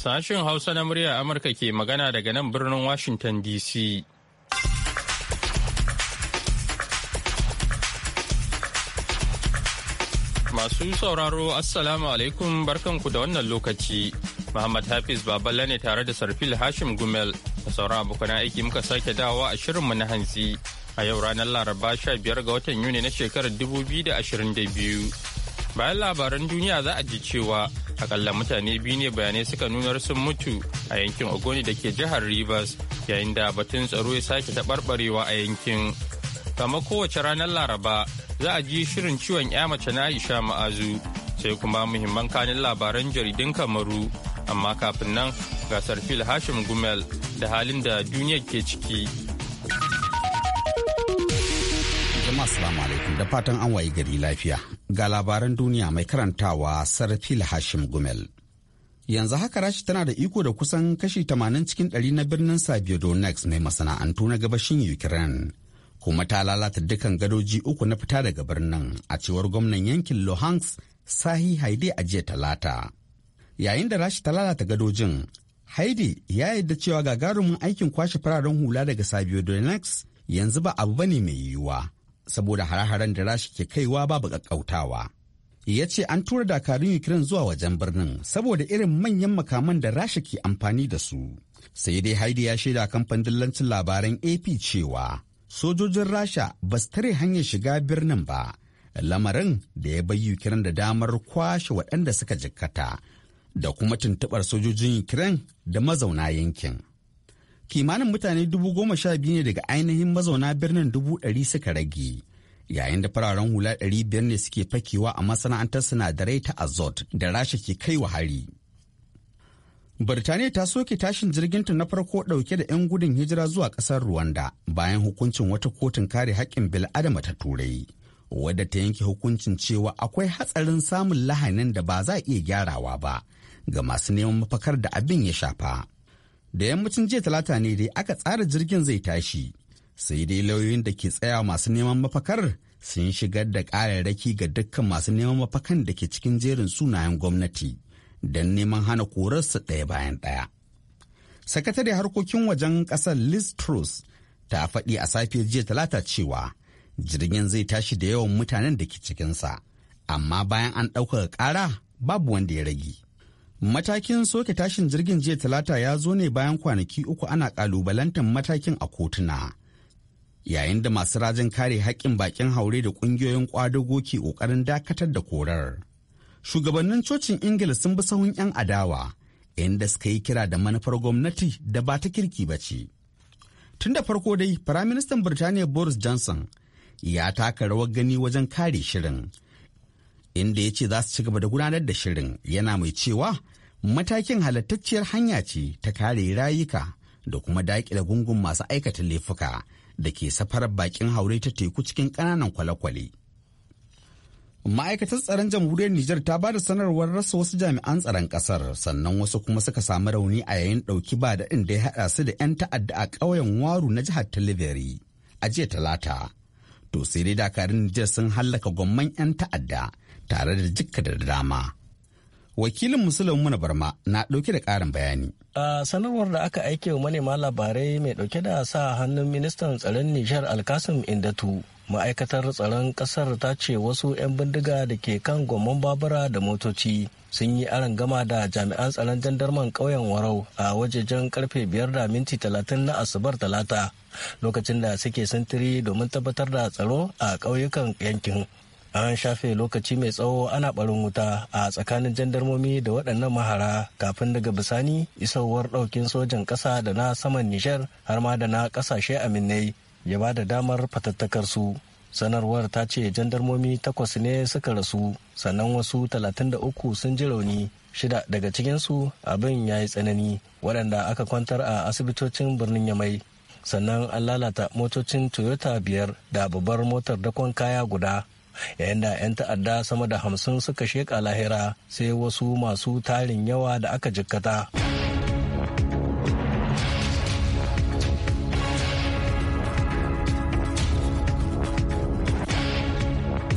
Sashen Hausa na murya Amurka ke magana daga nan birnin Washington DC. Masu sauraro Assalamu alaikum barkanku da wannan lokaci. Muhammad Hafiz baballa ne tare da Sarfil Hashim Gumel da sauran abokan aiki muka sake dawowa a mu na hantsi a yau ranar Laraba 15 ga watan Yuni na shekarar 2022. bayan labaran duniya za a ji cewa akalla mutane biyu ne bayanai suka nunar sun mutu a yankin ogoni da ke jihar rivers yayin da batun tsaro ya sake taɓarɓarewa a yankin kama kowace ranar laraba za a ji shirin ciwon ya mace na aisha ma'azu sai kuma muhimman kanin labaran jaridun kamaru amma kafin nan gasar fil hashim gumel da halin da duniya ke ciki jama'a salamu alaikum da fatan an wayi gari lafiya ga labaran duniya mai karantawa sarfil hashim gumel yanzu haka rashi tana da iko da kusan kashi 80 cikin 100 na birnin sabiodonex mai masana'antu na gabashin ukraine kuma ta lalata dukkan gadoji uku na fita daga birnin a cewar gwamnan yankin luhansk sahi haide a jiya talata yayin da rashi ta lalata gadojin haide ya yarda cewa gagarumin aikin kwashe fararen hula daga sabiodonex yanzu ba abu bane mai yiwuwa saboda hare-haren da rashi ke kaiwa babu ƙaƙƙautawa. ya ce an tura dakarun ukraine zuwa wajen birnin saboda irin manyan makaman da rasha ke amfani da su sai dai haidi ya shaida kamfanin dillancin labaran ap cewa sojojin rasha ba su tare hanyar shiga birnin ba lamarin da ya bai ukraine da damar kwashe waɗanda suka jikkata da kuma tuntuɓar sojojin ukraine da mazauna yankin kimanin mutane dubu goma sha biyu ne daga ainihin mazauna birnin dubu ɗari suka rage yayin da fararen hula ɗari biyar ne suke fakewa a masana'antar sinadarai ta azot da rasha ke kai wa hari Birtaniya ta soke tashin jirginta na farko ɗauke da 'yan gudun hijira zuwa ƙasar ruwanda bayan hukuncin wata kotun kare haƙƙin bil'adama ta turai. Wadda ta yanke hukuncin cewa akwai hatsarin samun lahanin da ba za a iya gyarawa ba ga masu neman mafakar da abin ya shafa. da yammacin jiya talata ne dai aka tsara jirgin zai tashi sai dai lauyoyin da ke tsaya masu neman mafakar sun shigar da ƙararraki ga dukkan masu neman mafakan da ke cikin jerin sunayen gwamnati don neman hana korarsa ɗaya bayan ɗaya. sakatare harkokin wajen ƙasar liz truss ta faɗi a safiyar jiya talata cewa jirgin zai tashi da yawan mutanen da ke cikinsa amma bayan an ɗaukaka ƙara babu wanda ya rage. Matakin soke tashin jirgin jiya talata ya zo ne bayan kwanaki uku ana kalubalantar matakin a kotuna. Yayin da masu rajin kare haƙƙin bakin haure da ƙungiyoyin ƙwadago ke ƙoƙarin dakatar da korar. Shugabannin cocin Ingila sun bi sahun 'yan adawa, inda suka yi kira da manufar gwamnati da ba ta kirki ba ce. Tun da farko dai, Firaministan Birtaniya Boris Johnson ya taka rawar gani wajen kare shirin. inda ya ce za su ci gaba da gudanar da shirin yana mai cewa matakin halattacciyar hanya ce ta kare rayuka da kuma daƙile gungun masu aikata laifuka da ke safarar bakin haure ta teku cikin ƙananan kwale-kwale. Ma'aikatar tsaron jamhuriyar Nijar ta ba da sanarwar rasa wasu jami'an tsaron ƙasar sannan wasu kuma suka samu rauni a yayin ɗauki ba daɗin da ya haɗa su da 'yan ta'adda a ƙauyen Waru na jihar Talibiri a jiya Talata. To sai dai dakarun Nijar sun hallaka gwamman 'yan ta'adda tare da jikka da dama. Wakilin Musulun Muna Barma na ɗauke da ƙarin bayani. A sanarwar da aka aike wa manema labarai mai ɗauke da sa hannun ministan tsaron Nijar Alkasim Indatu ma'aikatar tsaron ƙasar ta ce wasu 'yan bindiga da ke kan gomman babura da motoci sun yi aron gama da jami'an tsaron jandarman ƙauyen warau a wajejen karfe biyar da minti talatin na asubar talata lokacin da suke sintiri domin tabbatar da tsaro a ƙauyukan yankin an shafe lokaci mai tsawo ana barin wuta a tsakanin jandarmomi da waɗannan mahara kafin daga bisani isowar ɗaukin sojan ƙasa da na saman nishar har ma da na ƙasashe aminai ya ba da damar fatattakar su sanarwar ta ce jandarmomi takwas ne suka rasu sannan wasu talatin da uku sun ji rauni shida daga cikinsu abin ya yi tsanani waɗanda aka kwantar a asibitocin birnin yamai sannan an lalata motocin toyota biyar da babbar motar dakon kaya guda yayin da 'yan ta'adda sama da hamsin suka sheƙa lahira sai wasu masu tarin yawa da aka jikkata.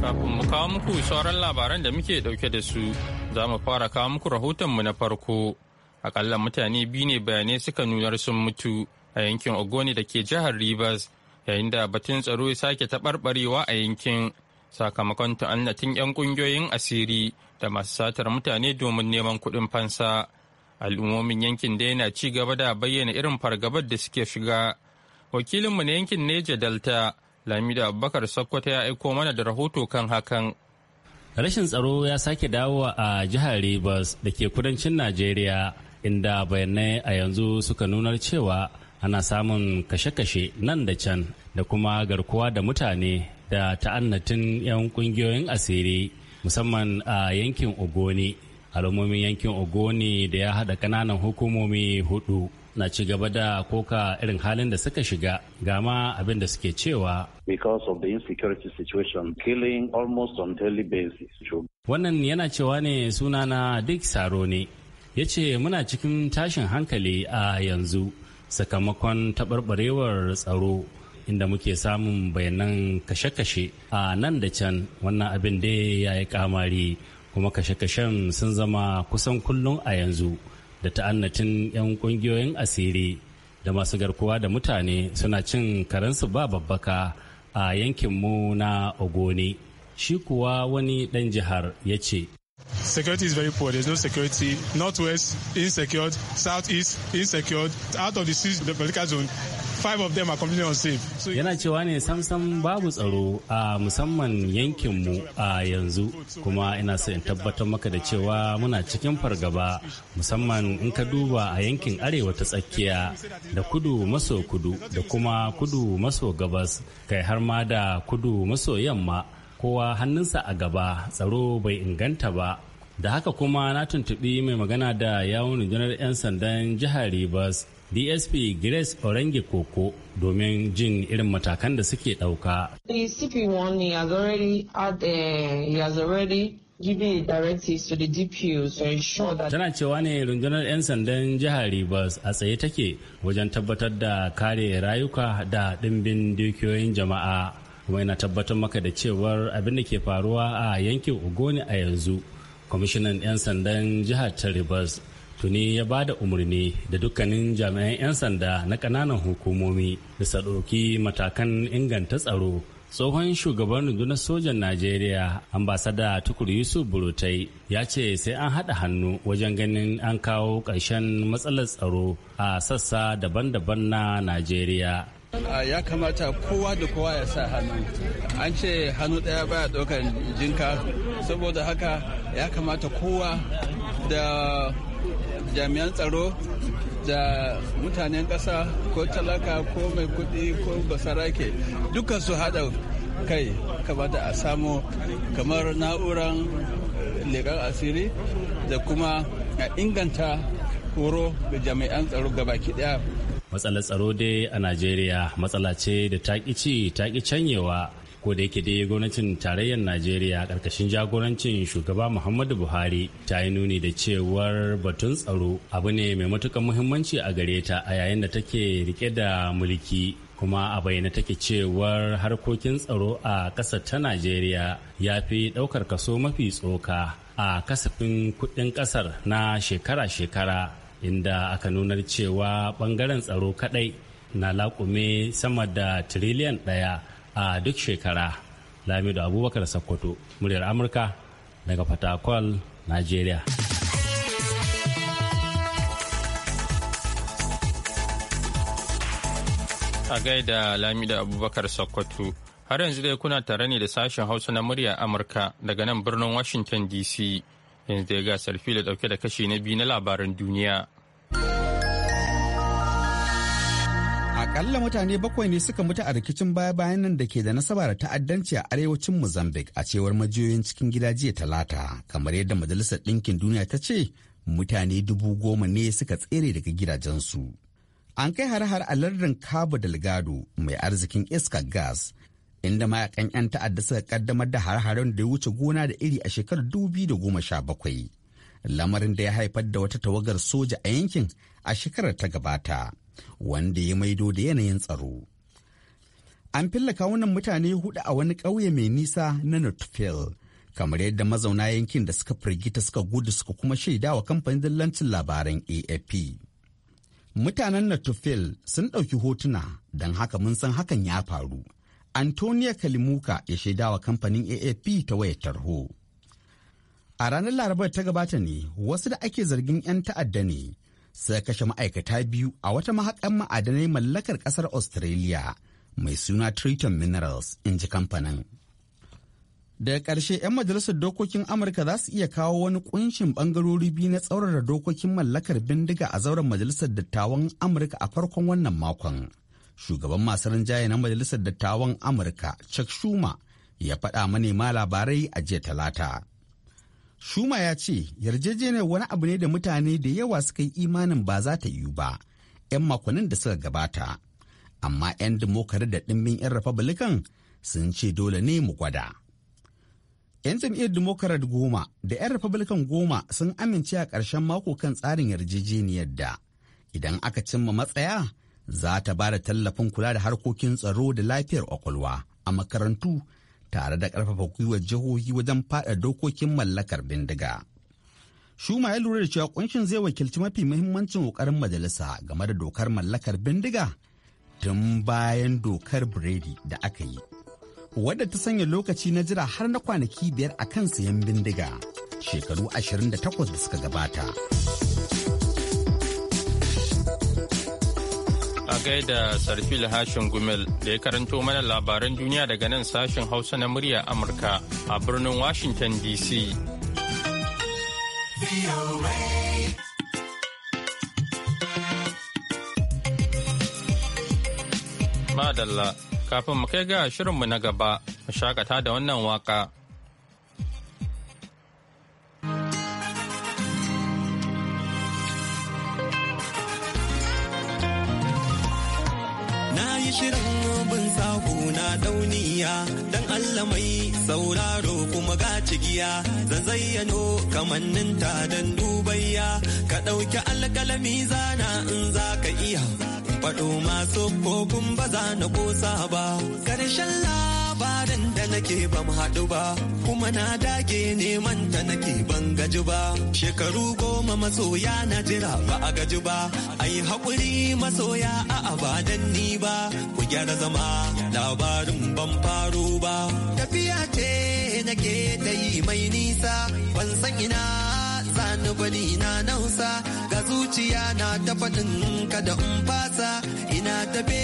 Kafin mu kawo muku sauran labaran da muke dauke da su, za mu fara kawo muku rahotonmu na farko. Akalla mutane biyu ne bayanai suka nunar sun mutu a yankin Ogoni da ke jihar Rivers, yayin da batun tsaro ya sake taɓarɓarewa a yankin sakamakon ta'annatin 'yan kungiyoyin asiri da masu satar mutane domin neman kuɗin fansa al'ummomin yankin da yana ci gaba da bayyana irin fargabar da suke shiga wakilinmu na yankin neja delta lamida abubakar sokoto ya aiko mana da rahoto kan hakan rashin tsaro ya sake dawowa a jihar rivers da ke kudancin najeriya inda bayanai a yanzu suka nunar cewa ana samun kashe-kashe nan da can da kuma garkuwa da mutane da ta'annatin 'yan kungiyoyin asiri musamman a yankin ogoni al'ummomin yankin ogoni da ya haɗa ƙananan hukumomi hudu na ci gaba da koka irin halin da suka shiga gama abin da suke cewa because of the insecurity situation killing almost on daily basis wannan yana cewa ne sunana Dick Saro ne ya ce muna cikin tashin hankali a yanzu sakamakon taɓarɓarewar tsaro inda muke samun bayanan kashe-kashe a nan da can wannan abin da ya yi kamari kuma kashe-kashen sun zama kusan kullum a yanzu da ta'annatin 'yan kungiyoyin asiri da masu garkuwa da mutane suna cin karensu ba babbaka a yankinmu na ogoni shi kuwa wani ɗan jihar ya ce Security is very poor. There's no security. Northwest, insecure. Southeast, insecure. Out of the six, the political zone, five of them are completely unsafe. yana cewa ne samsam babu tsaro a musamman yankinmu a yanzu kuma ina so in tabbatar maka da cewa muna cikin fargaba musamman in ka duba a yankin arewa ta tsakiya da kudu maso kudu da kuma kudu maso gabas kai har ma da kudu maso yamma kowa hannunsa a gaba tsaro bai inganta ba da haka kuma na tuntuɓi mai magana da yawon rundunar 'yan sandan jihar ribas dsp grace orange koko domin jin irin matakan da suke ɗauka. the cp1 has already, had, a, uh, he has already a directives to the DPO to ensure that tana cewa ne rundunar 'yan sandan jihar Rivers a tsaye take wajen tabbatar da kare rayuka da ɗimbin dukiyoyin jama'a kuma yana tabbatar maka da cewar abin da ke faruwa a yankin ugoni a yanzu kwamishinan 'yan sandan jihar ta Rivers tuni ya ba da umarni da dukkanin jami'an 'yan sanda na kananan hukumomi da ɗauki matakan inganta tsaro tsohon shugaban rundunar sojan najeriya ambasada tukur yusuf burutai ya ce sai an haɗa hannu wajen ganin an kawo ƙarshen matsalar tsaro a sassa daban-daban na najeriya ya kamata kowa da kowa ya sa hannu an ce hannu ɗaya baya ɗaukar jinka saboda haka ya kamata kowa da jami'an tsaro da mutanen ƙasa ko talaka ko mai kuɗi ko basarake dukkan su haɗa kai kamata a samu kamar na'uran leƙar asiri da kuma a inganta horo da jami'an tsaro gabaki ɗaya matsalar tsaro dai a najeriya matsala ce da taƙi ci taƙi canyewa ko da yake dai gwamnatin tarayyar najeriya karkashin jagorancin shugaba muhammadu buhari ta yi nuni da cewar batun tsaro abu ne mai matukan muhimmanci a gare ta a yayin da take rike da mulki kuma a bayyana take cewar harkokin tsaro a ƙasar ta najeriya ya fi ɗaukar kaso mafi tsoka a kasafin kuɗin ƙasar na shekara-shekara inda aka nunar cewa ɓangaren tsaro kaɗai na laƙume sama da tiriliyan ɗaya a duk shekara lamido abubakar sakkwato muryar amurka daga fatakwal nigeria a gaida lamido abubakar sakkwato har yanzu dai kuna tare ne da sashen hausa na muryar amurka daga nan birnin washington dc yanzu dai gasar da dauke da kashi na biyu na labaran duniya kalla mutane bakwai ne suka mutu a rikicin baya-bayan nan da ke da nasaba da ta'addanci a arewacin Mozambique a cewar majiyoyin cikin gida jiya talata, kamar yadda Majalisar Ɗinkin Duniya ta ce mutane dubu goma ne suka tsere daga gidajensu. An kai har-har a lardin Cabo Delgado mai arzikin iska gas, inda mayakan 'yan ta'adda suka kaddamar da har-haren da ya wuce gona da iri a shekarar da sha bakwai Lamarin da ya haifar da wata tawagar soja a yankin a shekarar ta gabata. wanda ya maido da yanayin tsaro. An filla kawunan mutane hudu a wani ƙauye mai nisa na Northfield, kamar yadda mazauna yankin da suka firgita suka gudu suka kuma shaida wa kamfanin dillancin labaran AFP. Mutanen Northfield sun ɗauki hotuna don haka mun san hakan ya faru. Antonia Kalimuka ya shaida wa kamfanin AFP ta wayar tarho. A ranar Larabar ta gabata ne wasu da ake zargin 'yan ta'adda ne Sai kashe ma'aikata biyu a wata mahaƙan ma'adanai mallakar ƙasar Australia mai suna Triton Minerals in ji kamfanin. Daga ƙarshe 'yan majalisar dokokin Amurka za su iya kawo wani ƙunshin ɓangarori biyu na tsaurara dokokin mallakar bindiga a zauren majalisar dattawan Amurka a farkon wannan makon. Shugaban masu rinjaye na majalisar dattawan Amurka Chuck Schumer ya faɗa manema labarai a jiya talata. Shuma ya ce yarjejeniyar wani abu ne da mutane da yawa suka yi imanin ba za ta yiwu ba 'yan makonnin da suka gabata. Amma 'yan dimokari da ɗimbin 'yan Republican sun ce dole ne mu gwada. 'Yan jam'iyyar Democrat goma da 'yan Republican goma sun amince a ƙarshen mako kan tsarin yarjejeniyar da idan aka cimma matsaya za ta ba da tallafin kula da harkokin tsaro da lafiyar ƙwaƙwalwa a makarantu tare da ƙarfafa gwiwar jihohi wajen faɗa dokokin mallakar bindiga. Shuma ya lura da cewa kunshin zai wakilci mafi muhimmancin ƙoƙarin majalisa game da dokar mallakar bindiga tun bayan dokar biredi da aka yi. Wadda ta sanya lokaci na jira har na kwanaki biyar a kan sayan bindiga shekaru ashirin da takwas da suka gabata. a gaida sarfil hashin gumel da ya karanto mana labaran duniya daga nan sashen hausa na murya amurka a birnin washington dc madalla kafin mu kai ga shirinmu na gaba mu shakata da wannan waka shirin bin sako na dauniya dan Allah mai sauraro kuma ga cigiya zan zayyano kamannin ta dan dubayya ka ɗauki alƙalami zana in za ka iya faɗo masu kokun ba za na kosa ba karshen la labarin da nake ban haɗu ba kuma na dage neman ta nake ban gaji ba shekaru goma masoya na jira ba a gaji ba ai haƙuri masoya a abadan ni ba ku gyara zama labarin ban faro ba tafiya ce nake ta yi mai nisa ban san ina sani bani na nausa ga zuciya na ta faɗin kada in fasa ina tafe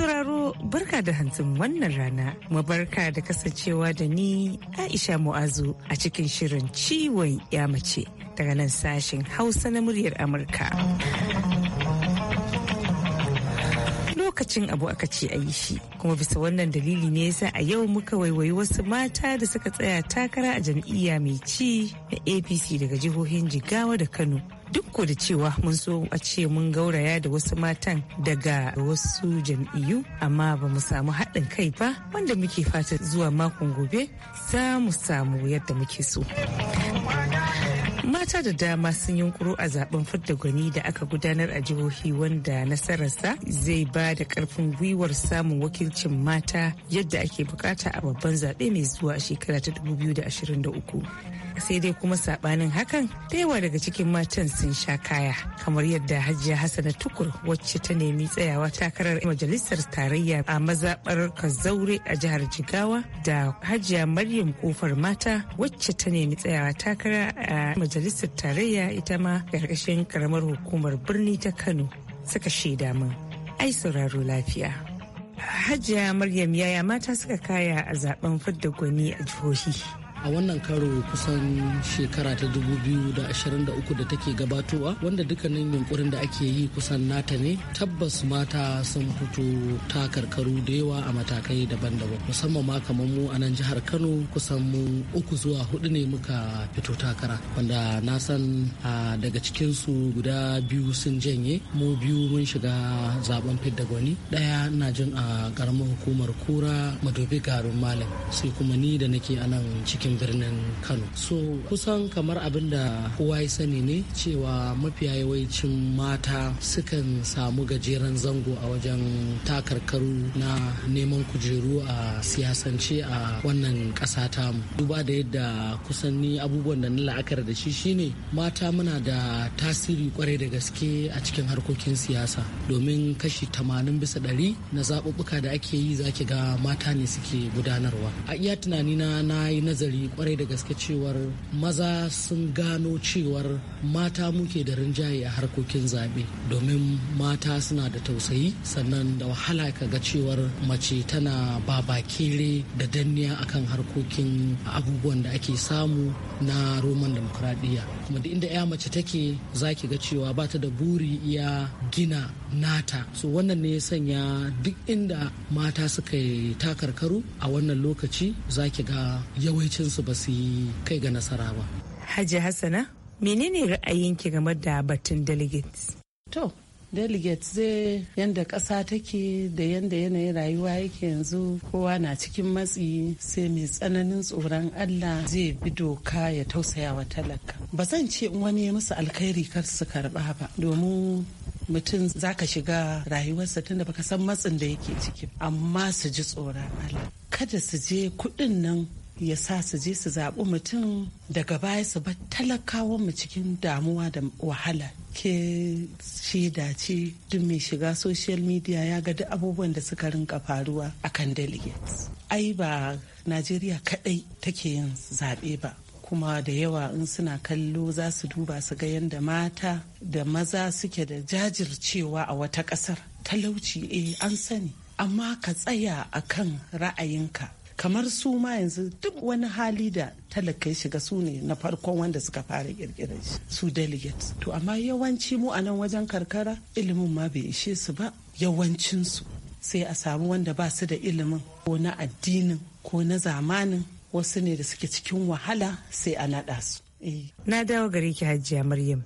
sauraro barka da hantsin wannan rana mabarka da kasancewa da ni Aisha Mu'azu a cikin shirin ciwon ya mace daga nan sashen Hausa na muryar Amurka. lokacin abu aka ce a yi shi kuma bisa wannan dalili ne yasa a yau muka waiwayi wasu mata da suka tsaya takara a jam'iyya mai ci na apc daga jihohin jigawa da kano duk da cewa mun so a ce mun gauraya da wasu matan daga wasu jam'iyyu amma ba mu samu haɗin kai ba wanda muke fata zuwa makon gobe za mu samu yadda muke so. mata da dama sun yunkuro a zaben fidda gwani da aka gudanar a jihohi wanda nasararsa zai ba da karfin gwiwar samun wakilcin mata yadda ake bukata a babban zaɓe mai zuwa a shekara ta 2023 sai dai kuma saɓanin hakan da yawa daga cikin matan sun sha kaya kamar yadda hajiya hassana tukur wacce ta nemi tsayawa takarar majalisar tarayya a mazaɓar kazaure a jihar jigawa da hajiya maryam kofar mata wacce ta nemi tsayawa takara a majalisar majalisar tarayya ita ma ƙarƙashin karamar hukumar birni ta kano suka shaida min ai sauraro lafiya hajiya maryam yaya mata suka kaya a zaben fadda gwani a jihohi a wannan karo kusan shekara ta 2023 da take gabatowa wanda dukkanin yunkurin da ake yi kusan nata ne tabbas mata sun fito ta karkaru da yawa a matakai daban-daban musamman ma kamar mu a nan jihar kano kusan mu uku zuwa hudu ne muka fito takara wanda na san daga cikinsu guda biyu sun janye mu biyu mun shiga zaben fidda gwani daya na jin a karamar hukumar kura madobi garin malam sai kuma ni da nake a nan cikin cikin birnin kano so kusan kamar abin da kowa ya sani ne cewa mafiya yawancin mata sukan samu gajeren zango a wajen takarkaru na neman kujeru a siyasance a wannan ƙasa tamu duba da yadda kusan ni abubuwan da na la'akar da shi shine mata muna da tasiri kwarai da gaske a cikin harkokin siyasa domin kashi 80 bisa ɗari na zaɓuɓɓuka da ake yi zaki ga mata ne suke gudanarwa a iya tunani na yi nazari kwarai da gaske cewar maza sun gano cewar mata muke da rinjaye a harkokin zaɓe domin mata suna da tausayi sannan da wahala ka ga cewar mace tana babakere da danniya akan harkokin abubuwan da ake samu na roman demokradiyya kuma da inda ya mace take za ki ga cewa ba ta da buri iya gina nata so wannan ne ya sanya duk inda mata suka yi takarkaru a wannan lokaci za ki ga yawancin su ba su yi kai ga nasara ba. Hajji Hassana, menene ra'ayinki game da batun delegates? To, delegates zai yanda ƙasa take da yanda yanayin rayuwa yake yanzu kowa na cikin matsi sai mai tsananin tsoron allah zai bi doka ya tausaya wa talaka ba zan ce wani ya musu alkhairi kar su karba ba domin mutum zaka shiga rayuwarsa tunda baka san matsin da yake ciki amma su ji tsoron allah kada su je kuɗin nan ya sa su je su zaɓi mutum daga baya su ba talakawan mu cikin damuwa da wahala ke shi dace duk mai shiga social media ya ga abubuwan da suka rinka faruwa a kan delegates ai ba najeriya kaɗai take yin zaɓe ba kuma da yawa in suna kallo za su duba su ga yadda mata da maza suke da jajircewa a wata ƙasar talauci eh an sani amma ka tsaya a kan ra'ayinka kamar su ma yanzu duk wani hali da talakai shiga su ne na farkon wanda suka fara kirkirar su delegates to amma yawanci mu a nan wajen karkara ilimin ma bai ishe su ba yawancinsu sai a samu wanda ba su da ilimin ko na addinin ko na zamanin wasu ne da suke cikin wahala sai a naɗa su eh. na dawo gare ki hajiya maryam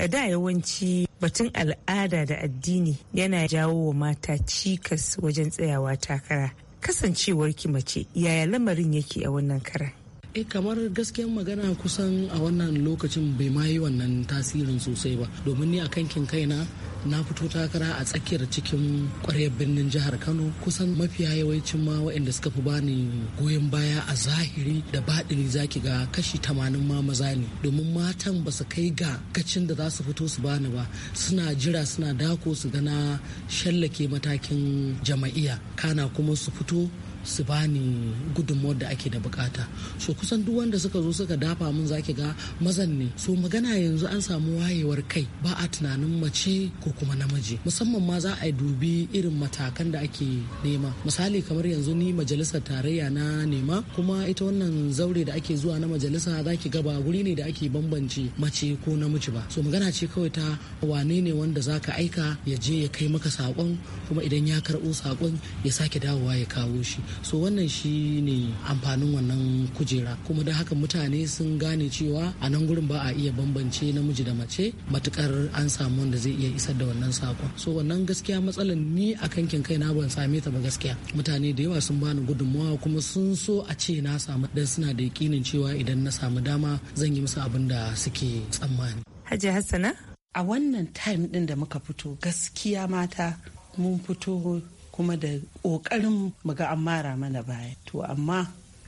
a da yawanci batun al'ada da addini yana jawo wa mata cikas wajen tsayawa takara kasancewar ki mace yaya lamarin yake a wannan karan eh kamar gaskiyan magana kusan a wannan lokacin bai ma yi wannan tasirin sosai ba domin ni a kankin kaina na fito takara a tsakiyar cikin kwaryar birnin jihar kano kusan mafiya yawancin ma waɗanda suka fi bani goyon baya a zahiri da baɗini zaki ga kashi tamanin ma maza ne domin matan ba su kai ga kacin da za su fito su bani ba suna jira suna dako su gana shallake matakin jama'iya kana kuma su fito su bani gudunmuwar da ake da bukata so kusan duk wanda suka zo suka dafa mun zaki ga mazan ne so magana yanzu an samu wayewar kai ba a tunanin mace ko kuma namiji musamman ma za a dubi irin matakan da ake nema misali kamar yanzu ni majalisar tarayya na nema kuma ita wannan zaure da ake zuwa na majalisa zaki ga ba wuri ne da ake bambance mace ko namiji ba so magana ce kawai ta wane ne wanda zaka aika ya je ya kai maka sakon kuma idan ya karɓo sakon ya sake dawowa ya kawo shi so wannan shi ne amfanin wannan kujera kuma don haka mutane sun gane cewa a nan gurin ba a iya bambance namiji da mace matukar an samu wanda zai iya isar da wannan sakon so wannan gaskiya matsalar ni a kankin kai na ban same ta ba gaskiya mutane da yawa sun bani gudunmawa kuma sun so a ce na samu dan suna da yakinin cewa idan na samu dama zan yi musu abin da suke tsammani Hajji Hassana a wannan time din da muka fito gaskiya mata mun fito kuma da ƙoƙarin mu ga an mara mana baya to amma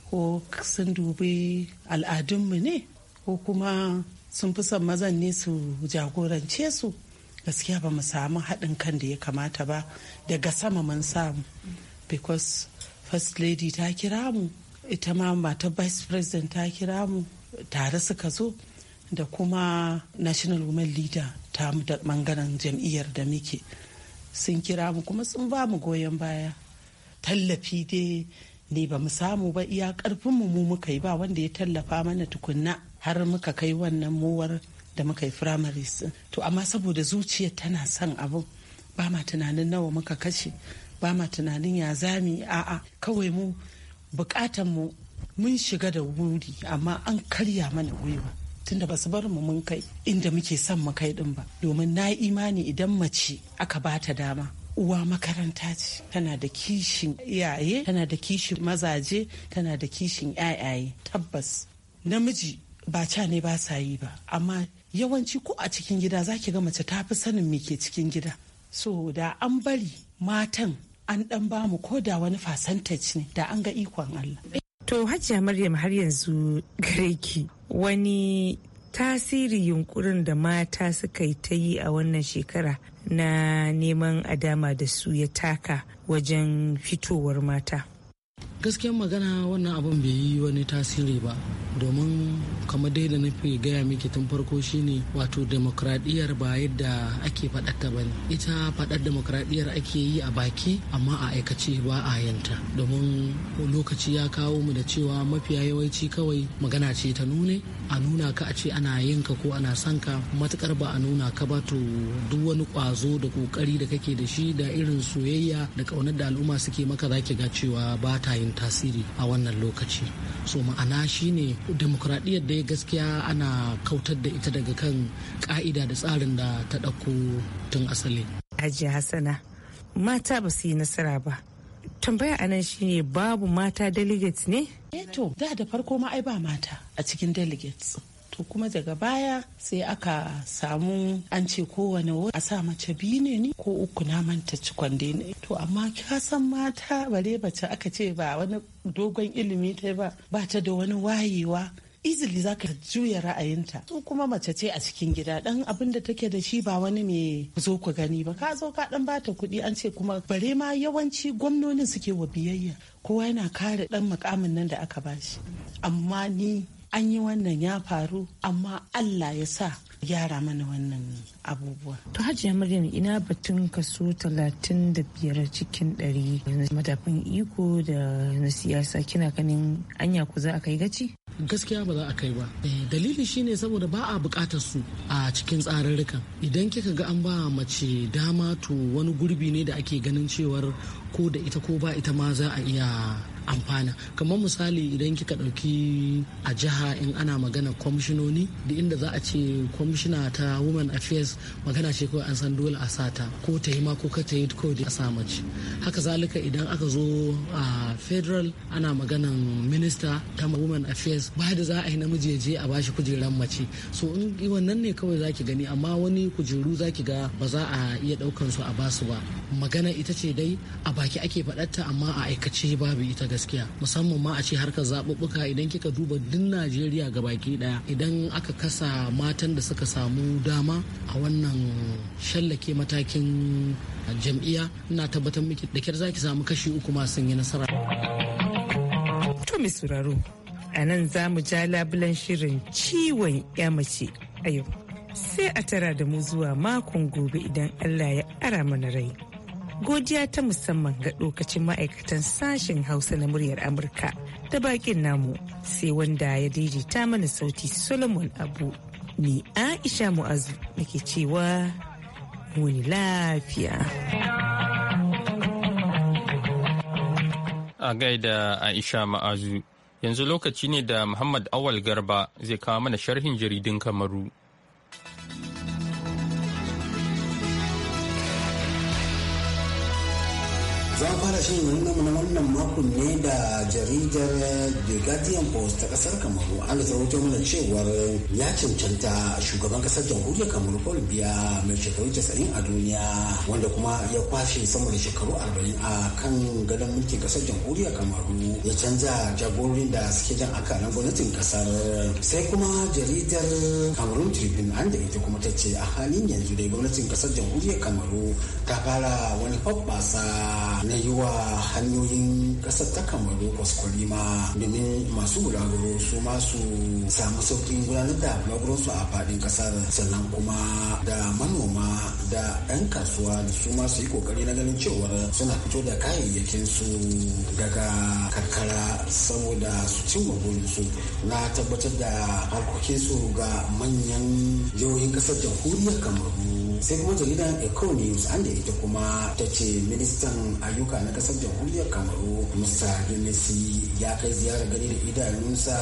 ko sun dubi al'adunmu ne ko kuma sun fi son mazan ne su jagorance su gaskiya ba mu samu haɗin kan da ya kamata ba daga sama mun samu because first lady ta kira mu ita ma matar vice president ta kira mu tare suka zo da kuma national women leader ta mu da jam'iyyar da muke sun kira mu kuma sun ba mu goyon baya tallafi dai ne ba mu samu ba iya karfinmu mu muka yi ba wanda ya tallafa mana tukunna har muka kai wannan muwar da muka yi firamare. to amma saboda zuciyar tana son abu ba ma tunanin nawa muka kashe ba ma tunanin ya zami a'a kawai mu bukatan mu mun shiga da wuri amma an karya mana gwiwa tunda ba su bar mu mun kai inda muke son mu kai din ba domin na imani idan mace aka ba ta dama uwa makaranta ce tana da kishin iyaye tana da kishin mazaje tana da kishin yayaye tabbas namiji ba ca ne ba sa yi ba amma yawanci ko a cikin gida za ki ga mace ta fi sanin me ke cikin gida so da an bari matan an dan mu ko da wani fasantaci ne da an ga ikon Allah To Hajiya Maryam har yanzu gare ki wani tasiri yunkurin da mata suka yi ta yi a wannan shekara na neman adama da su ya taka wajen fitowar mata. gaskiyar magana wannan abin bai yi wani tasiri ba domin kamar dai da nufi gaya miki tun farko shine wato demokradiyyar ba yadda ake faɗata ba ne ita faɗar demokradiyyar ake yi a baki amma a aikace ba a yanta domin lokaci ya kawo mu da cewa mafiya yawanci kawai magana ce ta nune a nuna ka a ce ana yin ko ana son ka matukar ba a nuna ka ba to duk wani kwazo da kokari da kake da shi da irin soyayya da kaunar da al'umma suke maka zaki ga cewa ba ta yin tasiri a wannan lokaci so ma'ana shine demokradiyyar ya gaskiya ana kautar da ita daga kan ka'ida da tsarin da ta ɗauko tun asali. aji Hassana mata ba su yi nasara ba tambaya anan shine babu mata delegates ne? Eh to da da farko ma ai ba mata a cikin delegates. To kuma daga baya sai aka samu an ce kowane wuri a sa mace biyu ne ni ko uku na manta cikon ne. To amma ka san mata bare bace aka ce ba wani dogon ilimi ta ba ba ta da wani wayewa easily za ka juya ra'ayinta su kuma mace ce a cikin gida dan abin da take da shi ba wani mai zo ku gani ba ka zo ka dan bata kuɗi an ce kuma bare ma yawanci gwamnonin suke wa biyayya kowa yana kare dan mukamin nan da aka bashi amma ni an yi wannan ya faru amma Allah ya sa yara mana wannan abubuwa. To hajiya Maryam ina batun kaso talatin da biyar cikin ɗari madafin iko da na siyasa kina ganin anya ku za a kai gaci? gaskiya ba za a kai ba eh, dalili shine saboda ba a bukatar su a cikin tsararrukan idan kika ga an ba mace dama to wani gurbi ne da ake ganin cewar ko da ita ko ba ita ma za a iya amfana kamar misali idan kika ɗauki a jiha in ana magana kwamishinoni da inda za a ce kwamishina ta women affairs magana ce kawai an san dole a sata ko ta yi ko ka ta yi da a mace haka zalika idan aka zo a federal ana maganan minista ta women affairs ba da za a yi namiji je a bashi kujerar mace so in wannan ne kawai zaki gani amma wani kujeru zaki ga ba za a iya ɗaukan su a basu ba magana ita ce dai a baki ake faɗarta amma a aikace babu ita ga. gaskiya musamman ma a ce harkar zaɓuɓɓuka idan kika duba duk najeriya baki ɗaya idan aka kasa matan da suka samu dama a wannan shallake matakin jam'iyya ina tabbatar miki da kyar zaki samu kashi uku ma sun yi nasara. To mai sauraro a nan za mu ja labulen shirin ciwon ya mace a yau. Sai a tara da mu zuwa makon gobe idan Allah ya ara mana rai. godiya ta musamman ga lokacin ma'aikatan sashen hausa na muryar amurka ta bakin namu sai wanda ya daidaita mana sauti solomon abu ni aisha mu'azu nake cewa wani lafiya a gaida aisha ma'azu yanzu lokaci ne da muhammad awal garba zai kawo mana sharhin jaridun kamaru za a fara shirin wannan na wannan makon ne da jaridar the guardian post ta kasar kamaru an rahoto mana cewar ya cancanta shugaban kasar jamhuriyar kamaru paul biya mai shekaru casa'in a duniya wanda kuma ya kwashe sama da shekaru arba'in a kan gadon mulkin kasar jamhuriyar kamaru ya canza jagororin da suke jan na gwamnatin kasar sai kuma jaridar kamarun tribune an da ita kuma ta ce a halin yanzu dai gwamnatin kasar jamhuriyar kamaru ta fara wani hoɓɓasa na yi wa hanyoyin ƙasar ta kamaru kwaskwari ma domin masu bulaguro su masu samu sauƙin gudanar da bulaguronsu a faɗin ƙasar sannan kuma da manoma da 'yan kasuwa da su masu yi ƙoƙari na ganin cewar suna fito da kayayyakinsu daga karkara saboda su cimma burinsu na tabbatar da harkokinsu ga manyan jihohin ƙasar jamhuriyar kamaru sai kuma jaridar eco news an da ita kuma ta ce ministan ayyuka na kasar jamhuriyar kamaru musa yunisi ya kai ziyarar gani da idanunsa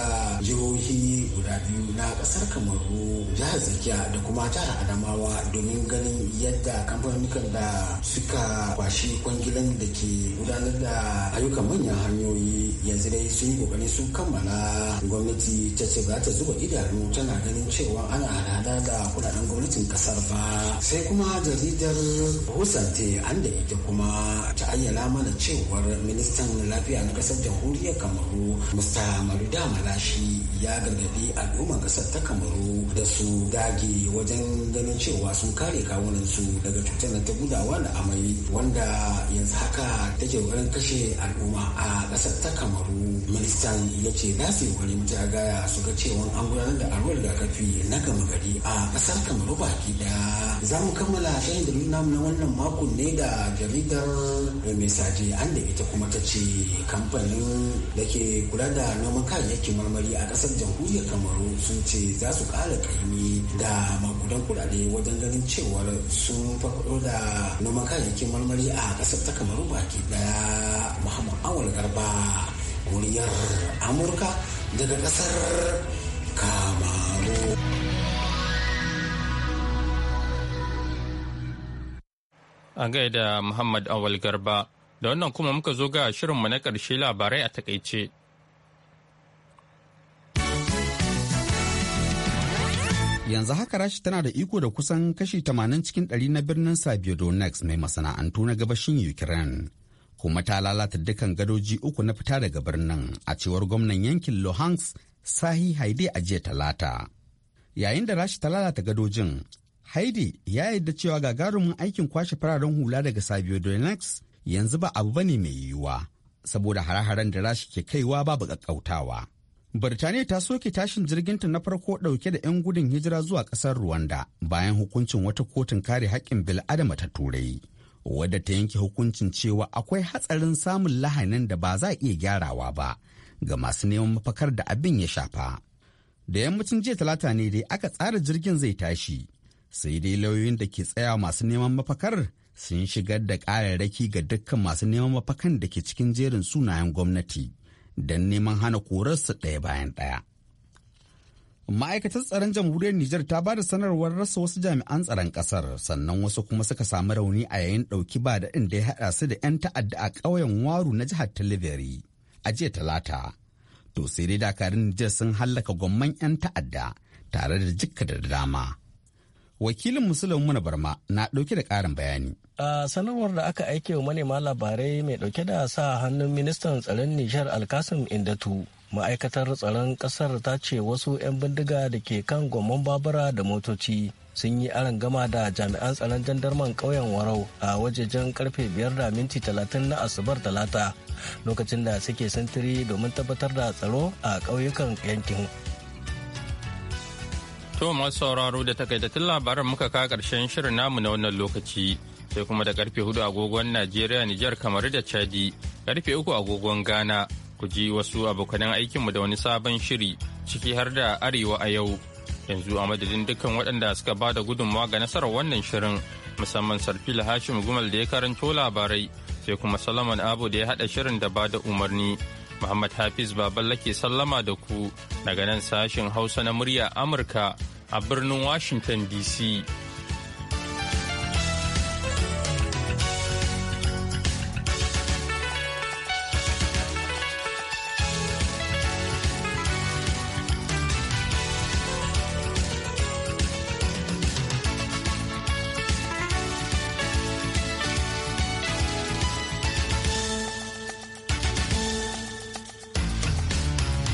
jihohi guda biyu na kasar kamaru jihar tsakiya da kuma jihar adamawa domin ganin yadda kamfanonukan da suka kwashi kwangilan da ke gudanar da ayyukan manyan hanyoyi yanzu dai sun yi kokari sun kammala gwamnati ta ce za ta zuba idanu tana ganin cewa ana hada da kudaden gwamnatin kasar ba sai kuma jaridar husante an da ita kuma ta ayyana mana cewar ministan lafiya na kasar jamhuriyar kamaru mr da malashi ya gargaɗi al'umman kasar ta kamaru da su dage wajen ganin cewa sun kare kawunan su daga cutar da ta gudawa da amai wanda yanzu haka take wurin kashe al'umma a ƙasar ta kamaru ministan ya ce za su yi ta gaya su ga cewa an gudanar da aka rigakafi na gama gari a ƙasar kamaru baki da. za mu kammala shayin da nuna na wannan makon ne da jaridar mai saje an da ita kuma ta ce kamfanin da ke kula da noman kayayyakin marmari a ƙasar jamhuriyar kamaru sun ce za su ƙara ƙaimi da makudan kuɗaɗe wajen ganin cewar sun faɗo da noman kayayyakin marmari a ƙasar ta kamaru baki ɗaya muhammad awal garba muryar amurka daga ƙasar kamaru a gaida muhammad awal garba Da wannan kuma muka zo ga mu na ƙarshe labarai a takaice. yanzu haka rashi tana da iko da kusan kashi tamanin cikin ɗari na birnin Sabiodonex mai masana'antu na gabashin Ukraine. Kuma ta lalata dukkan gadoji uku na fita daga birnin a cewar gwamnan yankin Luhansk Sahi Haide a jiya talata. Yayin da rashi ta lalata gadojin, Haide ya yarda cewa gagarumin aikin kwashe fararen hula daga Sabiodonex yanzu ba abu bane mai yiwuwa saboda hare-haren da rashi ke kaiwa babu kakkautawa. Birtaniya ta soke tashin jirgin ta na farko ɗauke da 'yan gudun hijira zuwa kasar Rwanda bayan hukuncin wata kotun kare haƙƙin adama ta Turai, wadda ta yanke hukuncin cewa akwai hatsarin samun lahanin da ba za a iya gyarawa ba ga masu neman mafakar da abin ya shafa. Da yammacin jiya talata ne dai aka tsara jirgin zai tashi sai dai lauyoyin da ke tsaya masu neman mafakar sun shigar da ƙararraki ga dukkan masu neman mafakan da ke cikin jerin sunayen gwamnati don neman hana korarsu ɗaya bayan ɗaya. ma'aikatar tsaron jamhuriyar Nijar ta ba da sanarwar rasa wasu jami'an tsaron kasar sannan wasu kuma suka samu rauni a yayin ɗauki ba ɗin da ya haɗa su da 'yan ta'adda a ƙauyen waru na jihar Talibiri a jiya talata. To sai dai dakarun Nijar sun hallaka gwamman 'yan ta'adda tare da jikka da dama wakilin musulun muna barma na ɗauke da ƙarin bayani a sanarwar da aka aike wa manema labarai mai ɗauke da sa hannun ministan tsaron nijar alkasim indatu ma'aikatar tsaron ƙasar ta ce wasu 'yan bindiga da ke kan gwamman babura da motoci sun yi aran gama da jami'an tsaron jandarman ƙauyen warau a wajejen karfe 5 da minti 30 na asubar talata lokacin da suke sintiri domin tabbatar da tsaro a ƙauyukan yankin To masu sauraro da takaitattun labaran muka ka karshen shirin namu na wannan lokaci sai kuma da karfe hudu agogon Najeriya Nijar kamar da Chadi karfe uku agogon Ghana ku ji wasu abokanen aikinmu da wani sabon shiri ciki har da Arewa a yau. Yanzu a madadin dukkan waɗanda suka ba da gudunmawa ga nasarar wannan shirin musamman Sarfil Hashim Gumal da ya karanto labarai sai kuma Solomon Abu da ya haɗa shirin da ba da umarni. Muhammad Hafiz Baballa ke sallama da ku daga nan sashin Hausa na murya Amurka a birnin Washington DC.